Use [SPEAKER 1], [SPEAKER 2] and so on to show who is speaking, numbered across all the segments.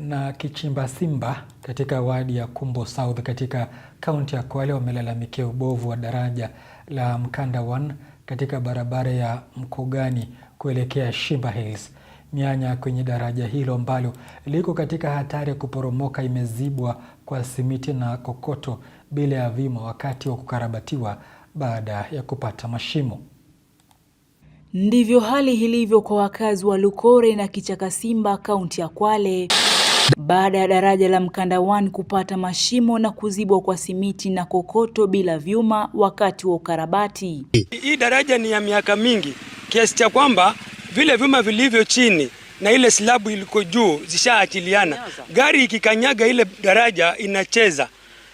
[SPEAKER 1] Na Kichimba Simba katika wadi ya Kumbo South katika kaunti ya Kwale wamelalamikia ubovu wa daraja la Mkanda 1 katika barabara ya Mkogani kuelekea Shimba Hills. Mianya kwenye daraja hilo ambalo liko katika hatari ya kuporomoka imezibwa kwa simiti na kokoto bila ya vima wakati wa kukarabatiwa baada ya kupata mashimo.
[SPEAKER 2] Ndivyo hali ilivyo kwa wakazi wa Lukore na Kichakasimba kaunti ya Kwale baada ya daraja la Mkanda 1 kupata mashimo na kuzibwa kwa simiti na kokoto bila vyuma wakati wa ukarabati.
[SPEAKER 3] Hii daraja ni ya miaka mingi kiasi cha kwamba vile vyuma vilivyo chini na ile slabu iliko juu zishaachiliana, gari ikikanyaga ile daraja inacheza.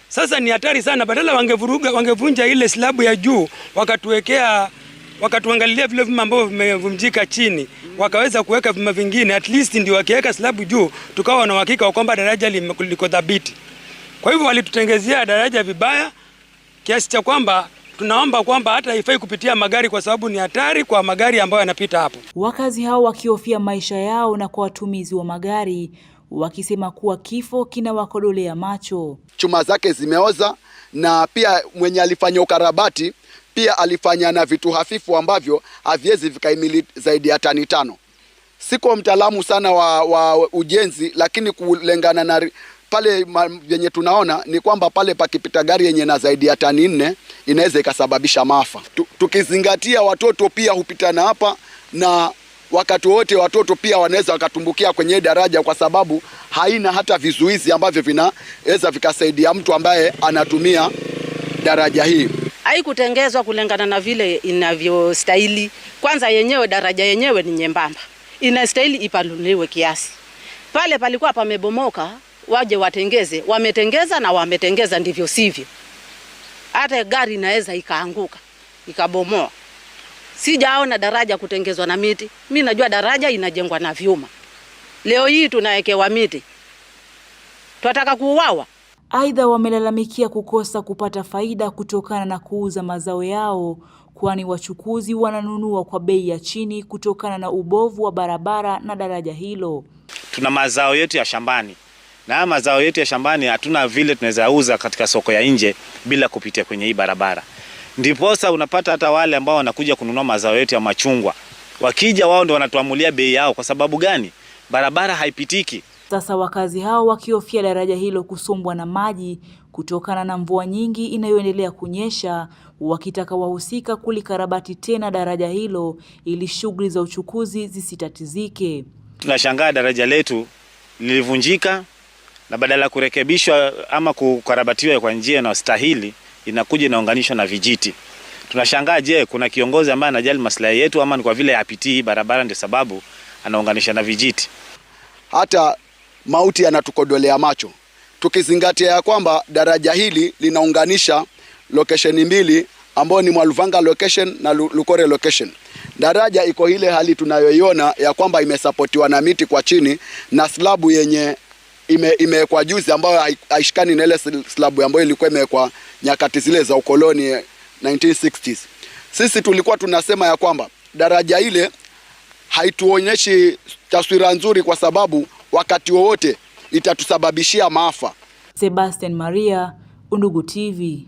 [SPEAKER 3] Sasa ni hatari sana, badala wangevuruga wangevunja ile slabu ya juu wakatuwekea wakatuangalia vile vyuma ambavyo vimevunjika chini, wakaweza kuweka vyuma vingine, at least ndio wakiweka slabu juu, tukawa na uhakika kwamba daraja liko dhabiti. Kwa hivyo walitutengezea daraja vibaya kiasi cha kwamba tunaomba kwamba hata haifai kupitia magari kwa sababu ni hatari kwa magari ambayo yanapita hapo.
[SPEAKER 2] Wakazi hao wakihofia maisha yao na kwa watumizi wa magari wakisema kuwa kifo kinawakodolea macho.
[SPEAKER 4] Chuma zake zimeoza na pia mwenye alifanya ukarabati pia alifanya na vitu hafifu ambavyo haviwezi vikaimili zaidi ya tani tano. Siko mtaalamu sana wa, wa ujenzi, lakini kulengana na pale yenye tunaona ni kwamba pale pakipita gari yenye na zaidi ya tani nne inaweza ikasababisha maafa. Tukizingatia watoto pia hupitana hapa na wakati wote watoto pia wanaweza wakatumbukia kwenye daraja, kwa sababu haina hata vizuizi ambavyo vinaweza vikasaidia mtu ambaye anatumia daraja hii
[SPEAKER 5] haikutengezwa kulingana na vile inavyostahili. Kwanza yenyewe daraja yenyewe ni nyembamba, inastahili ipanuliwe kiasi. Pale palikuwa pamebomoka, waje watengeze. Wametengeza na wametengeza ndivyo sivyo, hata gari inaweza ikaanguka ikabomoa. Sijaona daraja kutengezwa na miti. Mi najua daraja inajengwa na vyuma, leo hii tunawekewa miti, twataka kuuawa.
[SPEAKER 2] Aidha, wamelalamikia kukosa kupata faida kutokana na kuuza mazao yao, kwani wachukuzi wananunua kwa bei ya chini kutokana na ubovu wa barabara na daraja hilo.
[SPEAKER 6] Tuna mazao yetu ya shambani na haya mazao yetu ya shambani hatuna vile tunaweza uza katika soko ya nje bila kupitia kwenye hii barabara. Ndiposa unapata hata wale ambao wanakuja kununua mazao yetu ya machungwa, wakija wao ndio wanatuamulia bei yao. Kwa sababu gani? Barabara haipitiki.
[SPEAKER 2] Sasa wakazi hao wakihofia daraja hilo kusombwa na maji kutokana na mvua nyingi inayoendelea kunyesha, wakitaka wahusika kulikarabati tena daraja hilo ili shughuli za uchukuzi zisitatizike.
[SPEAKER 6] Tunashangaa daraja letu lilivunjika na badala ya kurekebishwa ama kukarabatiwa kwa njia inayostahili inakuja inaunganishwa na vijiti. Tunashangaa, je, kuna kiongozi ambaye anajali maslahi yetu ama ni kwa vile apitii barabara ndio sababu anaunganisha na vijiti?
[SPEAKER 4] Hata mauti yanatukodolea macho, tukizingatia ya kwamba daraja hili linaunganisha lokesheni mbili ambayo ni Mwaluvanga location na Lukore location. Daraja iko ile hali tunayoiona ya kwamba imesapotiwa na miti kwa chini na slabu yenye imewekwa ime juzi ambayo haishikani na ile slabu ambayo ilikuwa imewekwa nyakati zile za ukoloni 1960s. Sisi tulikuwa tunasema ya kwamba daraja ile haituonyeshi taswira nzuri kwa sababu wakati wowote itatusababishia maafa.
[SPEAKER 2] Sebastian Maria, Undugu TV.